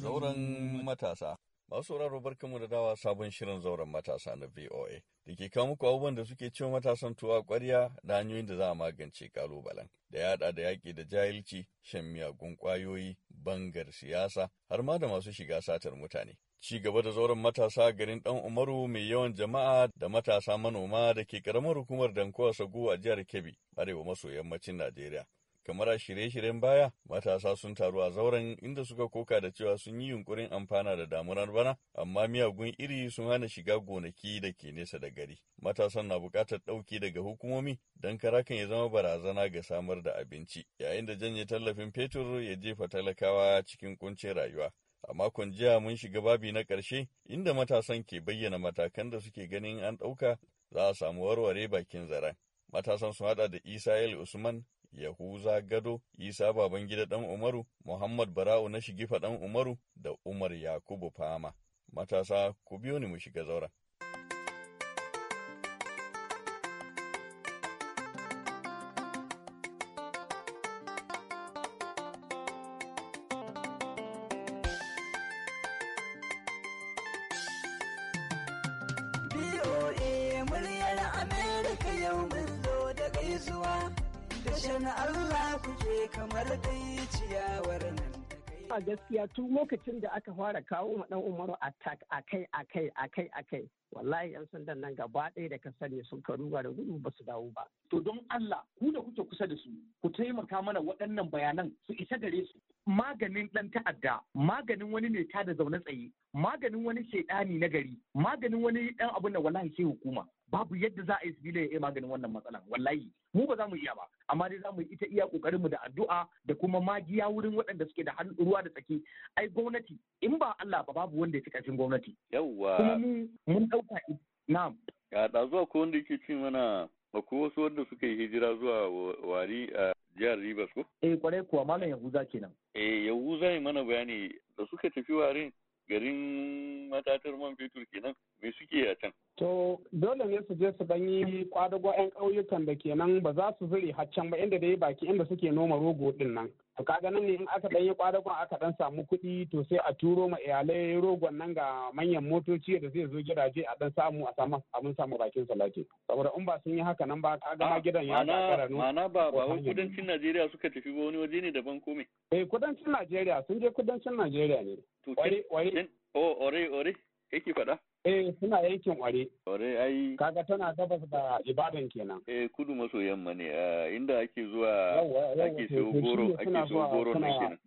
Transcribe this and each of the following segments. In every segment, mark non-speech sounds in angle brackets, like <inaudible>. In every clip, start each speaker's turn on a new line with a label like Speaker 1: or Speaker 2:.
Speaker 1: Zauren matasa. Masu sauraro barkamu da dawa sabon shirin zauren matasa na VOA da ke kawo muku abubuwan da suke cewa matasan tuwa kwarya da hanyoyin da za a magance kalubalen da yada da yaƙi da jahilci, shan miyagun ƙwayoyi, bangar siyasa, har ma da masu shiga satar mutane. Ci gaba da zauren matasa garin ɗan Umaru mai yawan jama'a da matasa manoma da ke ƙaramar hukumar Dankowa Sagu a jihar Kebbi, arewa maso yammacin Najeriya. kamar a shirye-shiryen baya matasa sun taru a zauren inda suka koka da cewa sun yi yunkurin amfana da damunar bana amma miyagun iri sun hana shiga gonaki da ke nesa da gari matasan na buƙatar ɗauki daga hukumomi don karakan ya zama barazana ga samar da abinci yayin da janye tallafin fetur ya jefa talakawa cikin kuncin rayuwa A makon jiya mun shiga babi na ƙarshe inda matasan ke bayyana matakan da suke ganin an ɗauka za a samu warware bakin zaren. Matasan sun haɗa da isa'il Usman, Yahuza Gado, Isa Babangida ɗan Umaru, Muhammad Bara'u na Shigifa ɗan Umaru da Umar Yakubu Fama. Matasa, ku biyo ni mu shiga zauren.
Speaker 2: harshen Allah kamar dai ciyawar a gaskiya tun lokacin da aka fara kawo ma dan umaru attack akai akai akai akai wallahi yan sandan nan gaba ɗaya da ka sani sun ruwa da gudu ba su dawo ba to don Allah ku da kuke kusa da su ku taimaka mana waɗannan bayanan su isa gare su maganin ɗan ta'adda maganin wani ne ta da zaune tsaye maganin wani shedani na gari maganin wani ɗan abun da wallahi sai hukuma babu yadda za a yi sibila ya iya maganin wannan matsalan wallahi mu ba za mu iya ba amma dai za mu yi ita iya kokarin mu da addu'a da kuma magiya wurin waɗanda suke da hannu ruwa da tsaki ai gwamnati in ba Allah ba babu wanda ya fi ƙarfin gwamnati yawwa kuma mun
Speaker 3: ɗauka na'am
Speaker 2: ya da zuwa ko wanda yake cin mana
Speaker 1: ko wasu wanda suka yi hijira zuwa wari a jihar Rivers ko
Speaker 3: eh kwarai kuwa malam Yahuza kenan
Speaker 1: eh Yahuza yi mana bayani da suka tafi warin garin matatar man fetur kenan me suke a can
Speaker 4: To dole ne su je su yi kwadago 'yan ƙauyukan da ke nan ba za su zure haccan ba inda dai baki inda suke noma rogo ɗin nan. To kaga nan ne in aka ɗan yi kwadagon aka ɗan samu kuɗi to sai a turo ma iyalai rogon nan ga manyan motoci da zai zo gidaje a ɗan samu a samu abin samu bakin salati. Saboda in ba sun yi haka nan ba ka gama gidan ya kakara ah, nu. Ma'ana ba ba kudancin
Speaker 1: Najeriya suka tafi ba wani waje ne daban kome.
Speaker 4: Eh kudancin Najeriya sun je kudancin Najeriya ne.
Speaker 1: Ware ware. Oh ore ore kake faɗa.
Speaker 4: Eh suna yankin ware. Ware ai. Kaga tana gabas da Ibadan kenan.
Speaker 1: Eh kudu maso yamma ne inda ake zuwa ake siyo goro ake siyo goro ne kenan.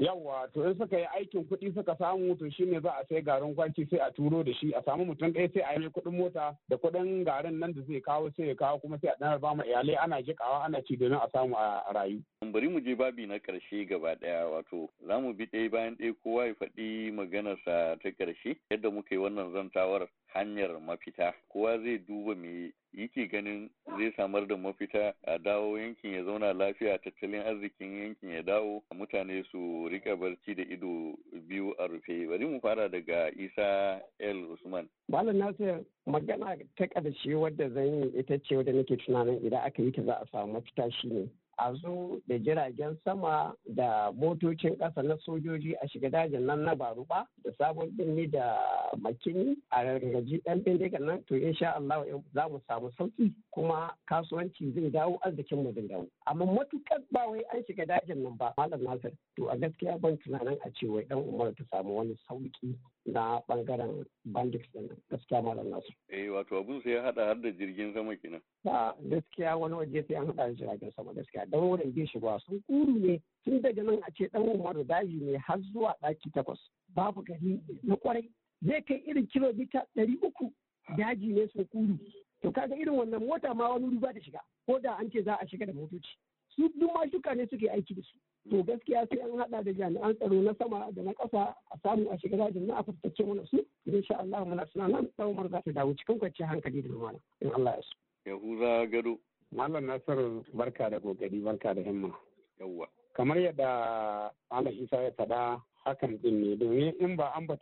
Speaker 4: Yawwa to in suka yi aikin kuɗi suka samu to shine za a sai garin kwaki sai a turo da shi a samu mutum ɗaya sai a yi kuɗin mota da kuɗin garin nan da zai kawo sai ya kawo kuma sai a ɗanar ba iyalai ana jiƙawa ana ci domin a samu a rayu.
Speaker 1: bari mu je babi na karshe gaba ɗaya wato za mu bi ɗaya bayan ɗaya kowa ya faɗi maganarsa ta ƙarshe yadda muka yi wannan zanta shawarar hanyar mafita kowa zai duba me yake ganin zai samar da mafita a dawo yankin ya zauna lafiya tattalin arzikin yankin ya dawo a mutane su rika barci da ido biyu a rufe bari mu fara daga isa el usman
Speaker 2: malam nasir magana ta ƙarshe wadda zan yi ita ce wadda nake tunanin idan aka yi ta za a samu mafita shine a zo da jiragen sama da motocin ƙasa na sojoji a shiga dajin nan na baruba da sabon birni da makini a gargaji ɗan bindigar nan to insha Allah za mu samu sauki kuma kasuwanci zai dawo arzikin mu zai dawo amma matukar ba wai an shiga dajin nan ba malam nasir to a gaskiya ban tunanin a ce wai dan umar ta samu wani sauƙi. na bangaren bandits din gaskiya malam nasu.
Speaker 1: Eh wato abun sai ya hada har da jirgin sama kenan.
Speaker 2: A gaskiya wani waje sai an hada da jiragen sama gaskiya dan wurin bai shiga sun kuru ne tun daga nan a ce dan Umaru daji ne har zuwa daki takwas babu gari na kwarai zai kai irin kilomita ɗari uku daji ne sun kuru. To kaga irin wannan mota ma wani ruba da shiga ko da an ce za a shiga da motoci. Su duk ma shuka ne suke aiki da su. to gaskiya sai an hada da jami'an tsaro na sama da na ƙasa a samu a shiga dajin na a mana su insha Allah muna tunanin Umar za ta dawo cikin kwanciyar hankali da lumana
Speaker 1: in Allah ya so Yahuza Gado
Speaker 4: Malam nasar barka da kokari barka da himma
Speaker 1: yawwa
Speaker 2: kamar
Speaker 4: yadda Malam Isa ya faɗa hakan din ne domin in ba an ba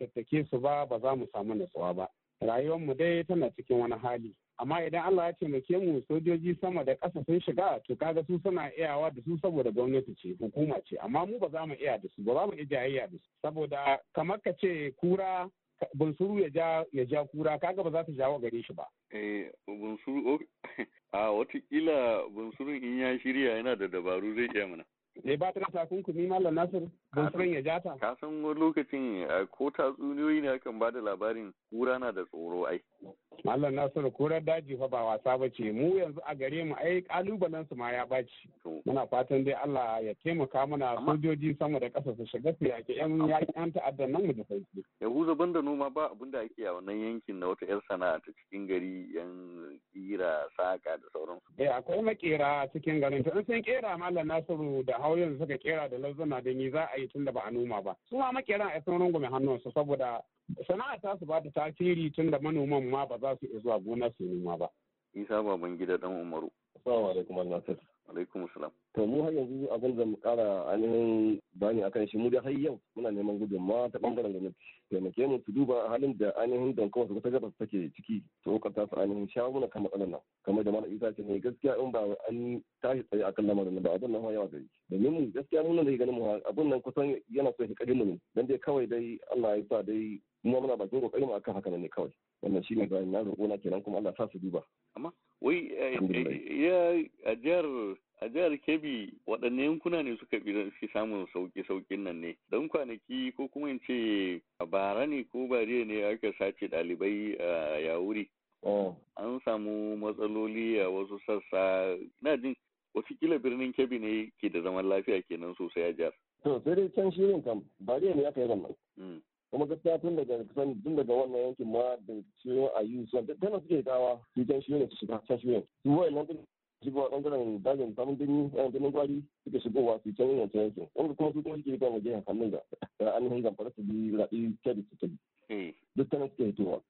Speaker 4: su ba ba za mu samu natsuwa ba Rayuwar mu dai tana cikin wani hali amma idan Allah ya taimake mu sojoji sama da ƙasa sun shiga to kaga su suna iyawa da su saboda gwamnati ce hukuma ce amma mu ba za mu iya da su ba za mu iya jayayya da su saboda kamar ka ce kura bunsuru ya ja ya ja kura kaga ba za ta jawo gare shi ba
Speaker 1: eh bunsuru <laughs> a kila bunsuru in ya shirya yana da dabaru zai iya mana ne eh,
Speaker 4: ba ta da takunkumi mallam nasir don san ya
Speaker 1: jata ka san wani lokacin eh, ko tatsuniyoyi ne akan ba da labarin kura na da tsoro ai
Speaker 4: Mallam Nasiru kurar daji fa ba wasa ba ce mu yanzu a gare mu ai kalubalen su ma ya baci. Muna fatan dai Allah ya taimaka mana sojoji sama da ƙasa su shiga su yaƙi yan yaƙi ta'addan nan mu da sauki.
Speaker 1: Yahuza banda noma ba abin da ake a wannan yankin na wata 'yar sana'a ta cikin gari yan ƙira saƙa da sauransu. Eh akwai
Speaker 4: makera cikin garin to in sun ƙera Mallam Nasiru da hauyin suka ƙera da lazzana da ni za a yi tun da ba a noma ba. Su ma makeran a sun rungume hannunsu saboda sana'a ta su ba ta tasiri tun da manoman ma ba za su iya zuwa gona su noma ba.
Speaker 1: Isa baban gida dan Umaru.
Speaker 4: Assalamu
Speaker 3: alaikum Nasir. alaikum salam to mu har yanzu abin da mu kara ainihin bani akan shi mu da har yau muna neman gudunmawa ta bangaren gwamnati taimake mu su duba halin da ainihin don dankowa su ta gabas take ciki su kokarta su ainihin shawo mana kan matsalar nan kamar da mana isa ce ne gaskiya in ba an tashi tsaye akan lamarin ba abin nan yawa gari domin mu gaskiya mun nan da ganin mu abin nan kusan yana so ya kadin mu ne dan dai kawai dai Allah ya sa dai mu muna bakin kokarin mu akan haka ne kawai wannan shine bayan na roƙo na kenan kuma Allah sa su duba
Speaker 1: amma wai eh, eh, ya a a jihar kebbi waɗanne yankuna ne suka fi samun sauƙi sauƙin nan ne don kwanaki ko kuma in ce bara ne ko bariya ne aka sace ɗalibai a yawuri oh. an samu matsaloli a wasu sassa na jin watakila birnin kebbi ne ke da zaman lafiya kenan sosai a jihar
Speaker 3: to sai dai can shirin kam bariya ne aka yi wannan kuma gaskiya tun daga kusan tun daga wannan yankin ma da ciwon ayu su da tana suke dawa su can shi ne su shiga can shi ne su wayannan din shigowa bangaren dajin samun dini yan eh, dinin gwari suke shigowa su can yankin yankin wanda kuma su kuma suke kan waje a hannun da eh, ainihin zamfara su bi raɗi kyadi su tabi hmm. duk tana suke hitowa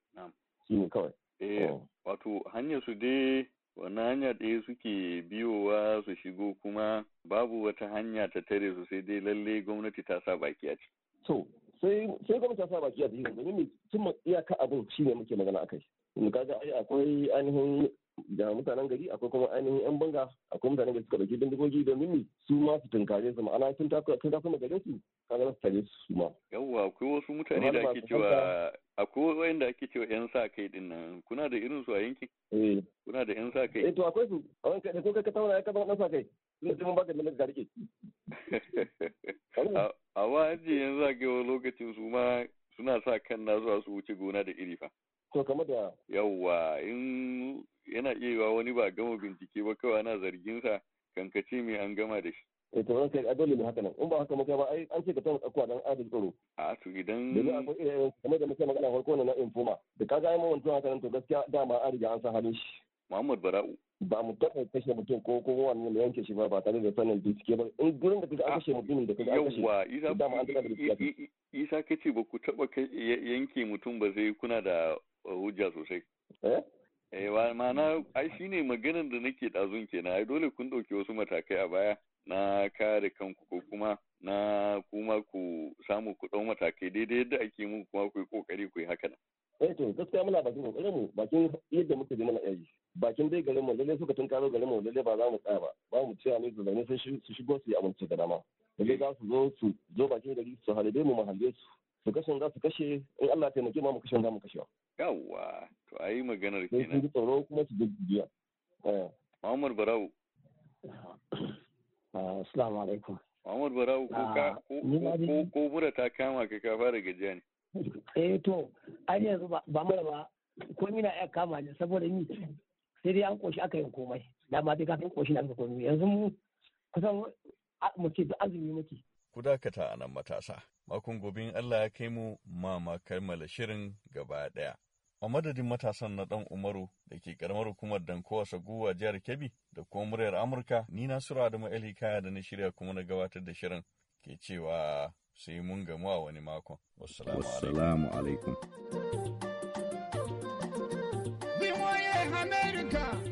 Speaker 3: shi ne kawai.
Speaker 1: Eh, oh. wato hanyar su dai wannan hanya ɗaya suke biyowa su shigo kuma babu wata hanya ta tare su sai dai lalle gwamnati ta sa baki a ciki.
Speaker 3: to sai sai gwamnati ta sa baki a cikin domin cimma iyaka abin ne muke magana akai kaga ai akwai ainihin da mutanen gari akwai kuma ainihin yan banga akwai mutanen gari suka dauki bindigogi domin ni su ma su tunkare su ma'ana sun ta kuma gare su kaga za su tare su su ma
Speaker 1: yawwa akwai wasu mutane da ake cewa akwai da ake cewa yan sa kai din nan kuna da irin su a yankin eh. kuna da yan sa kai eh to akwai
Speaker 3: su a wanka da ko kai ka tauna ya ka zama sa kai sun da mun bakin da rike
Speaker 1: a wa yanzu a ga lokacin su ma suna sa kan na zuwa su wuce gona da iri fa To game da yawwa in yana iya yiwa wani ba gama bincike ba kawai ana zargin sa kankace me an gama da shi.
Speaker 3: Eh to sai a dole ne haka nan in ba haka muka ba ai an ce ka tawo tsakuwa dan adal tsaro.
Speaker 1: A to idan
Speaker 3: Domin akwai irin eh, kamar da muke magana farko na infoma da kaga ai mun haka nan to gaskiya dama an riga an san halin shi. Muhammad Bara'u. Ba mu taɓa kashe mutum ko ko wani mu yanke shi ba ba tare da sanin bincike ba in gurin da kaga an kashe mutumin da kaga kashe. Yawwa
Speaker 1: Isa kace ba ku taɓa yanke mutum ba zai kuna da hujja sosai eh ba eh, ma'ana ai ne maganar da nake ɗazun kenan ai dole kun ɗauki wasu matakai a baya na kare kanku ko kuma na kuma ku samu ku ɗau matakai daidai yadda ake mu kuma ku yi kokari ku yi haka nan
Speaker 3: eh to gaskiya muna bakin kokarin mu bakin yadda muka je mana yayi bakin dai garin mu lalle suka karo garin mu lalle ba za mu tsaya ba ba mu cewa ne su zaune su shigo su yi amince da dama lalle za su zo su zo bakin gari su halibe mu mahalle su su kashe za su kashe in Allah taimake ma mu kashe za mu kashe yawwa to
Speaker 1: ayi maganar kenan sai ji
Speaker 3: tsoro kuma su jijjiya eh.
Speaker 1: Muhammad Barau
Speaker 3: ah, Assalamu alaikum
Speaker 1: Muhammad Barau ko ka ah, ko ko mura ta kama ka ka fara gajiya ne
Speaker 2: eh to ai yanzu ba mura ba ko mina ya kama ne saboda ni sai dai an koshi aka yin komai dama dai kafin koshi na aka komai yanzu mu kusan mu ce da azumi muke
Speaker 1: ku dakata a nan matasa. Makon gobe Allah ya kai mu ma kammala shirin gaba ɗaya. A madadin matasan na ɗan Umaru da ke ƙaramar hukumar Dankowa Saguwa jihar Kebbi da kuma muryar Amurka, ni na Sura Adamu El kaya da na shirya kuma na gabatar da shirin ke cewa sai mun gamu a wani makon. Wassalamu alaikum.
Speaker 4: America.